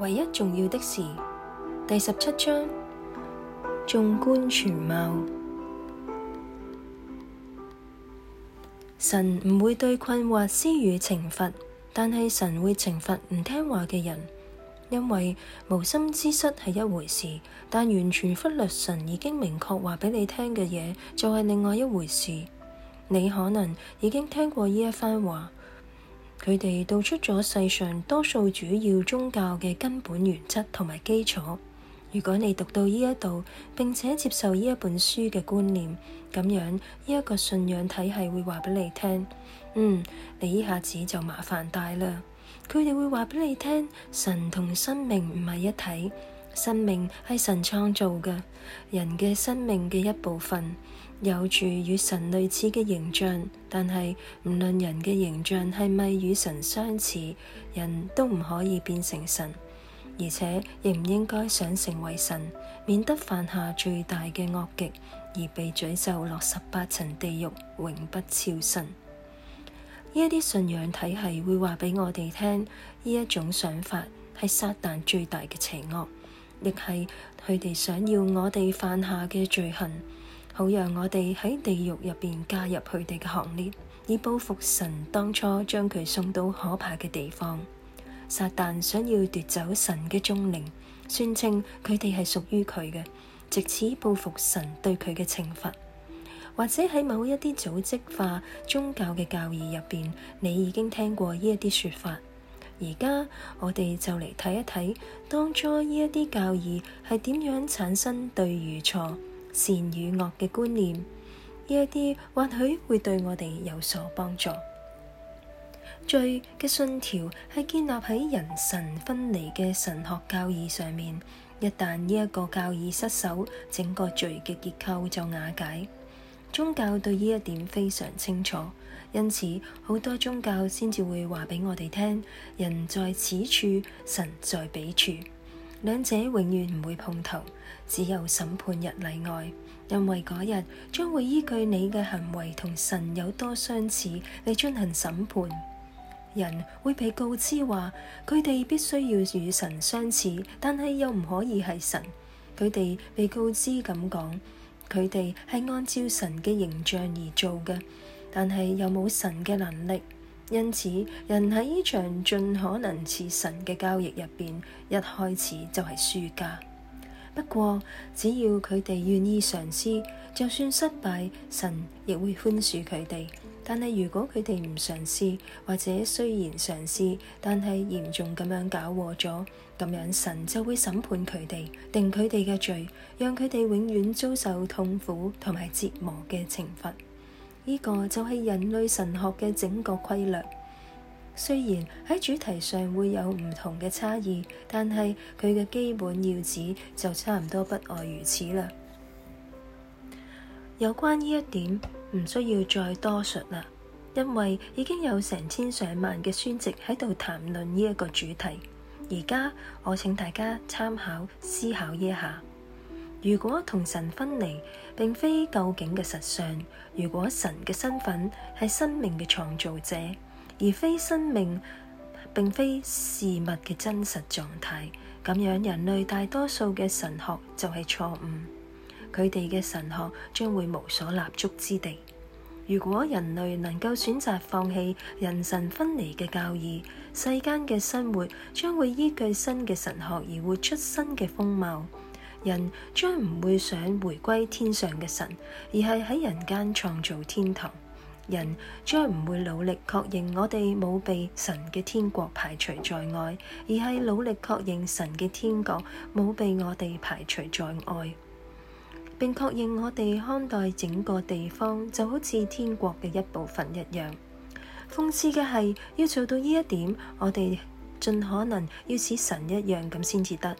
唯一重要的事，第十七章，縱觀全貌。神唔會對困惑施予懲罰，但係神會懲罰唔聽話嘅人，因為無心之失係一回事，但完全忽略神已經明確話畀你聽嘅嘢，就係另外一回事。你可能已經聽過呢一番話。佢哋道出咗世上多數主要宗教嘅根本原則同埋基礎。如果你讀到呢一度，並且接受呢一本書嘅觀念，咁樣呢一個信仰體系會話俾你聽，嗯，你一下子就麻煩大啦。佢哋會話俾你聽，神同生命唔係一體，生命係神創造嘅，人嘅生命嘅一部分。有住與神類似嘅形象，但係唔論人嘅形象係咪與神相似，人都唔可以變成神，而且亦唔應該想成為神，免得犯下最大嘅惡極而被詛咒落十八層地獄，永不超生。呢一啲信仰體系會話畀我哋聽，呢一種想法係撒旦最大嘅邪惡，亦係佢哋想要我哋犯下嘅罪行。好讓我哋喺地獄入邊加入佢哋嘅行列，以報復神當初將佢送到可怕嘅地方。撒旦想要奪走神嘅眾靈，宣稱佢哋係屬於佢嘅，借此報復神對佢嘅懲罰。或者喺某一啲組織化宗教嘅教義入邊，你已經聽過呢一啲說法。而家我哋就嚟睇一睇當初呢一啲教義係點樣產生對與錯善與惡嘅觀念，呢一啲或許會對我哋有所幫助。罪嘅信條係建立喺人神分離嘅神學教義上面，一旦呢一個教義失守，整個罪嘅結構就瓦解。宗教對呢一點非常清楚，因此好多宗教先至會話畀我哋聽：人在此處，神在彼處。兩者永遠唔會碰頭，只有審判日例外，因為嗰日將會依據你嘅行為同神有多相似嚟進行審判。人會被告知話，佢哋必須要與神相似，但係又唔可以係神。佢哋被告知咁講，佢哋係按照神嘅形象而做嘅，但係又冇神嘅能力。因此，人喺呢場盡可能似神嘅交易入邊，一開始就係輸家。不過，只要佢哋願意嘗試，就算失敗，神亦會寬恕佢哋。但係如果佢哋唔嘗試，或者雖然嘗試，但係嚴重咁樣搞禍咗，咁樣神就會審判佢哋，定佢哋嘅罪，讓佢哋永遠遭受痛苦同埋折磨嘅懲罰。呢個就係人類神學嘅整個規律，雖然喺主題上會有唔同嘅差異，但係佢嘅基本要旨就差唔多不外如此啦。有關呢一點，唔需要再多述啦，因為已經有成千上萬嘅書籍喺度談論呢一個主題。而家我請大家參考思考一下。如果同神分離，並非究竟嘅實相；如果神嘅身份係生命嘅創造者，而非生命，並非事物嘅真實狀態，咁樣人類大多數嘅神學就係錯誤，佢哋嘅神學將會無所立足之地。如果人類能夠選擇放棄人神分離嘅教義，世間嘅生活將會依據新嘅神學而活出新嘅風貌。人將唔會想回歸天上嘅神，而係喺人間創造天堂。人將唔會努力確認我哋冇被神嘅天國排除在外，而係努力確認神嘅天國冇被我哋排除在外，並確認我哋看待整個地方就好似天國嘅一部分一樣。諷刺嘅係，要做到呢一點，我哋盡可能要似神一樣咁先至得。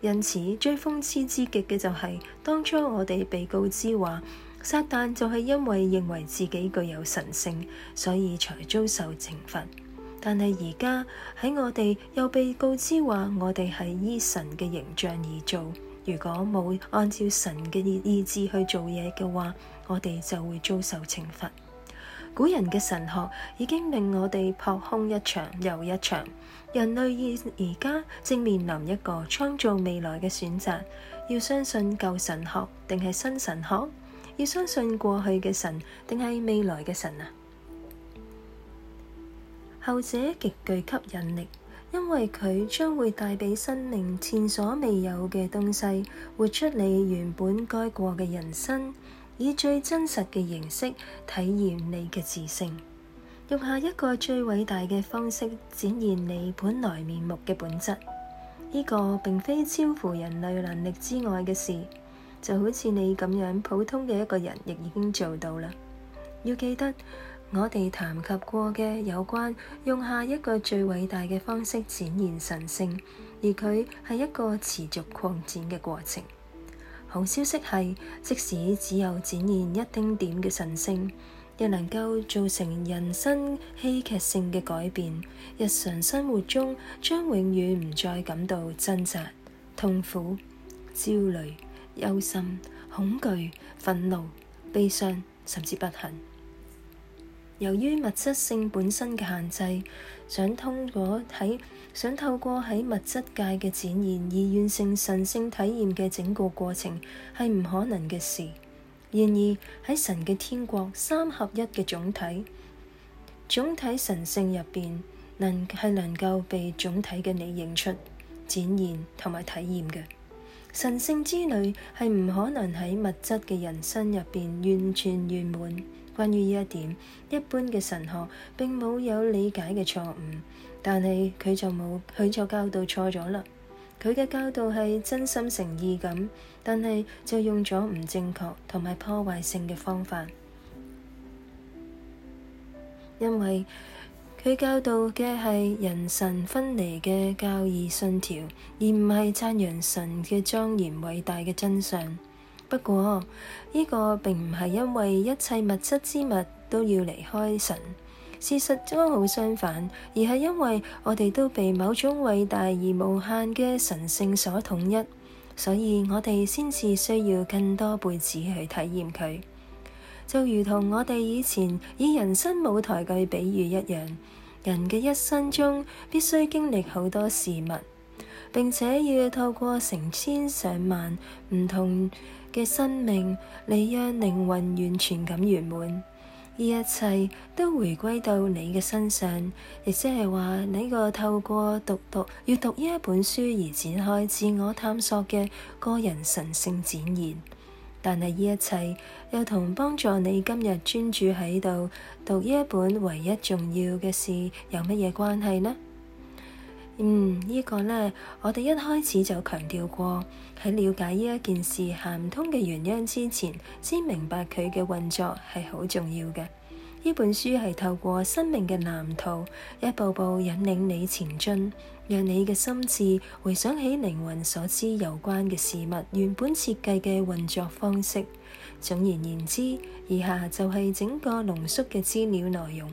因此，最諷刺之極嘅就係當初我哋被告知話，撒旦就係因為認為自己具有神性，所以才遭受懲罰，但係而家喺我哋又被告知話，我哋係依神嘅形象而做，如果冇按照神嘅意意志去做嘢嘅話，我哋就會遭受懲罰。古人嘅神學已經令我哋撲空一場又一場。人類而家正面臨一個創造未來嘅選擇：要相信舊神學定係新神學？要相信過去嘅神定係未來嘅神啊？後者極具吸引力，因為佢將會帶畀生命前所未有嘅東西，活出你原本該過嘅人生。以最真實嘅形式體驗你嘅自性，用下一個最偉大嘅方式展現你本來面目嘅本質。呢個並非超乎人類能力之外嘅事，就好似你咁樣普通嘅一個人亦已經做到啦。要記得我哋談及過嘅有關用下一個最偉大嘅方式展現神性，而佢係一個持續擴展嘅過程。好消息係，即使只有展現一丁點嘅神聖，亦能夠造成人生戲劇性嘅改變。日常生活中，將永遠唔再感到掙扎、痛苦、焦慮、憂心、恐懼、憤怒、悲傷，甚至不幸。由於物質性本身嘅限制，想通過喺想透過喺物質界嘅展現而完成神聖體驗嘅整個過程係唔可能嘅事。然而喺神嘅天國，三合一嘅總體總體神性入邊，能係能夠被總體嘅你認出、展現同埋體驗嘅。神性之旅係唔可能喺物質嘅人生入邊完全圓滿。關於呢一點，一般嘅神學並冇有，有理解嘅錯誤，但係佢就冇佢做教導錯咗啦。佢嘅教導係真心誠意咁，但係就用咗唔正確同埋破壞性嘅方法，因為佢教導嘅係人神分離嘅教義信條，而唔係讚揚神嘅莊嚴偉大嘅真相。不過，呢個並唔係因為一切物質之物都要離開神，事實剛好相反，而係因為我哋都被某種偉大而無限嘅神性所統一，所以我哋先至需要更多輩子去體驗佢。就如同我哋以前以人生舞台嘅比喻一樣，人嘅一生中必須經歷好多事物。並且要透過成千上萬唔同嘅生命，你讓靈魂完全咁圓滿。呢一切都回歸到你嘅身上，亦即係話你個透過讀讀閱讀呢一本書而展開自我探索嘅個人神聖展現。但係呢一切又同幫助你今日專注喺度讀呢一本唯一重要嘅事有乜嘢關係呢？嗯，呢、這個呢，我哋一開始就強調過，喺了解呢一件事行唔通嘅原因之前，先明白佢嘅運作係好重要嘅。呢本書係透過生命嘅藍圖，一步步引領你前進，讓你嘅心智回想起靈魂所知有關嘅事物，原本設計嘅運作方式。總而言之，以下就係整個濃縮嘅資料內容。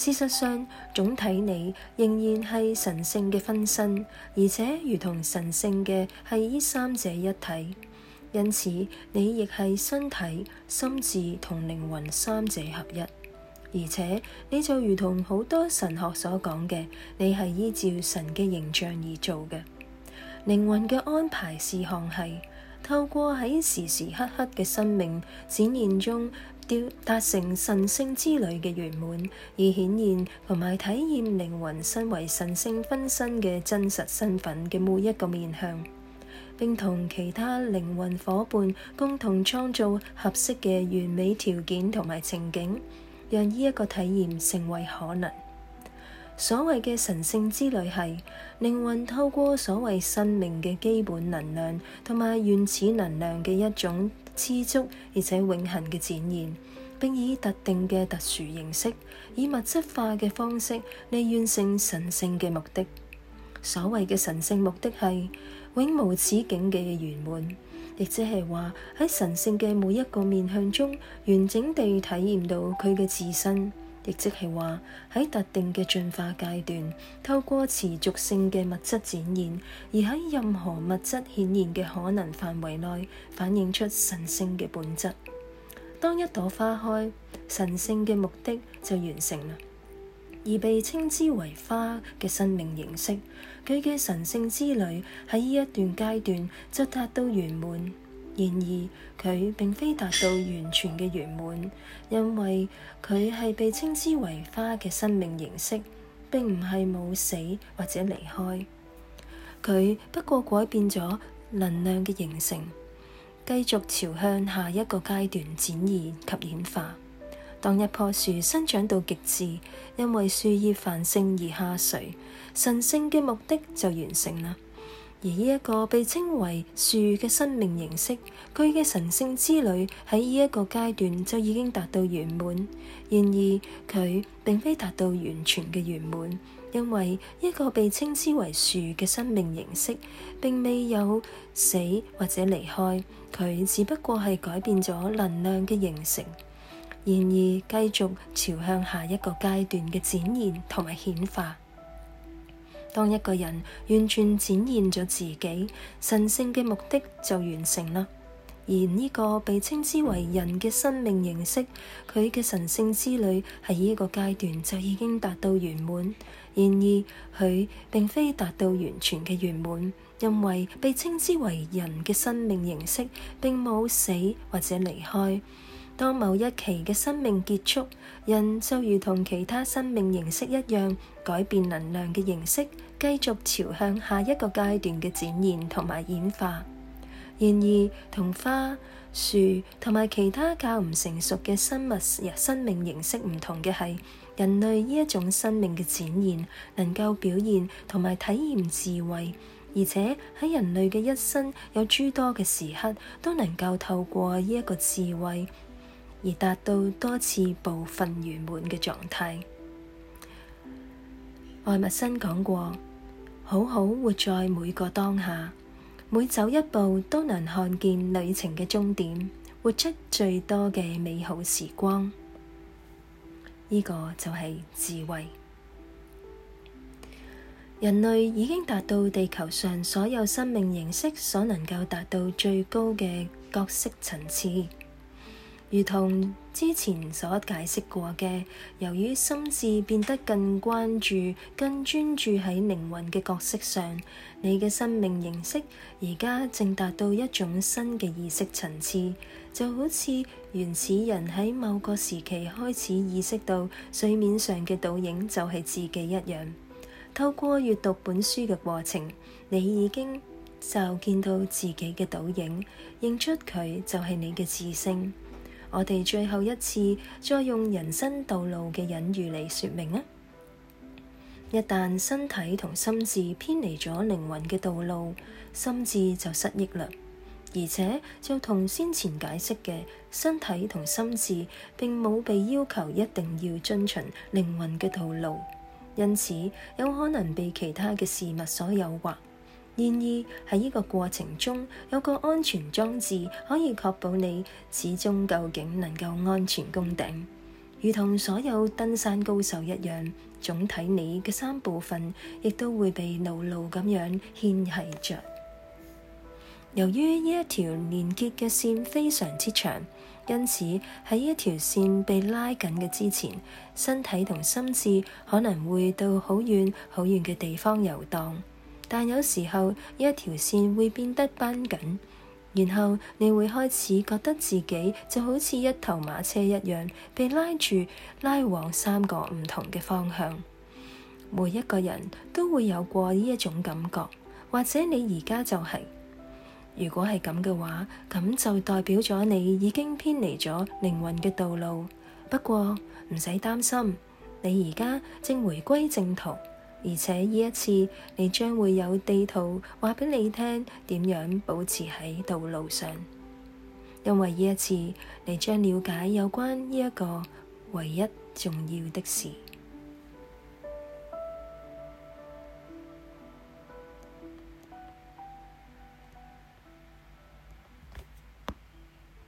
事實上，總體你仍然係神性嘅分身，而且如同神性嘅係依三者一體，因此你亦係身體、心智同靈魂三者合一，而且你就如同好多神學所講嘅，你係依照神嘅形象而做嘅。靈魂嘅安排事項係透過喺時時刻刻嘅生命展現中，達成神聖之旅嘅圓滿，以顯現同埋體驗靈魂身為神聖分身嘅真實身份嘅每一個面向，並同其他靈魂夥伴共同創造合適嘅完美條件同埋情景，讓呢一個體驗成為可能。所謂嘅神性之旅係靈魂透過所謂生命嘅基本能量同埋原始能量嘅一種知足而且永恒嘅展現，並以特定嘅特殊形式，以物質化嘅方式嚟完成神性嘅目的。所謂嘅神性目的係永無止境嘅圓滿，亦即係話喺神性嘅每一個面向中完整地體驗到佢嘅自身。亦即係話喺特定嘅進化階段，透過持續性嘅物質展現，而喺任何物質顯現嘅可能範圍內，反映出神聖嘅本質。當一朵花開，神聖嘅目的就完成啦。而被稱之為花嘅生命形式，佢嘅神聖之旅喺呢一段階段則達到圓滿。然而佢並非達到完全嘅圓滿，因為佢係被稱之為花嘅生命形式，並唔係冇死或者離開。佢不過改變咗能量嘅形成，繼續朝向下一個階段展現及演化。當一棵樹生長到極致，因為樹葉繁盛而下垂，神聖嘅目的就完成啦。而呢一個被稱為樹嘅生命形式，佢嘅神聖之旅喺呢一個階段就已經達到圓滿。然而，佢並非達到完全嘅圓滿，因為一個被稱之為樹嘅生命形式，並未有死或者離開，佢只不過係改變咗能量嘅形成，然而繼續朝向下一個階段嘅展現同埋顯化。當一個人完全展現咗自己，神聖嘅目的就完成啦。而呢個被稱之為人嘅生命形式，佢嘅神聖之旅喺呢個階段就已經達到圓滿。然而，佢並非達到完全嘅圓滿，因為被稱之為人嘅生命形式，並冇死或者離開。當某一期嘅生命結束，人就如同其他生命形式一樣，改變能量嘅形式，繼續朝向下一個階段嘅展現同埋演化。然而，同花樹同埋其他較唔成熟嘅生物生命形式唔同嘅係，人類呢一種生命嘅展現能夠表現同埋體驗智慧，而且喺人類嘅一生有諸多嘅時刻都能夠透過呢一個智慧。而達到多次部分圓滿嘅狀態。愛默生講過，好好活在每個當下，每走一步都能看見旅程嘅終點，活出最多嘅美好時光。呢個就係智慧。人類已經達到地球上所有生命形式所能夠達到最高嘅角色層次。如同之前所解釋過嘅，由於心智變得更關注、更專注喺靈魂嘅角色上，你嘅生命形式而家正達到一種新嘅意識層次，就好似原始人喺某個時期開始意識到水面上嘅倒影就係自己一樣。透過閱讀本書嘅過程，你已經就見到自己嘅倒影，認出佢就係你嘅智性。我哋最後一次再用人生道路嘅隱喻嚟說明啊，一旦身體同心智偏離咗靈魂嘅道路，心智就失憶啦。而且，就同先前解釋嘅身體同心智，並冇被要求一定要遵循靈魂嘅道路，因此有可能被其他嘅事物所誘惑。然而喺呢個過程中，有個安全裝置可以確保你始終究竟能夠安全攻頂，如同所有登山高手一樣，總體你嘅三部分亦都會被牢牢咁樣牽繫着。由於呢一條連結嘅線非常之長，因此喺呢一條線被拉緊嘅之前，身體同心智可能會到好遠好遠嘅地方遊蕩。但有時候一條線會變得繃緊，然後你會開始覺得自己就好似一頭馬車一樣，被拉住拉往三個唔同嘅方向。每一個人都會有過呢一種感覺，或者你而家就係、是。如果係咁嘅話，咁就代表咗你已經偏離咗靈魂嘅道路。不過唔使擔心，你而家正回歸正途。而且呢一次，你將會有地圖話畀你聽，點樣保持喺道路上。因為呢一次，你將了解有關呢一個唯一重要的事。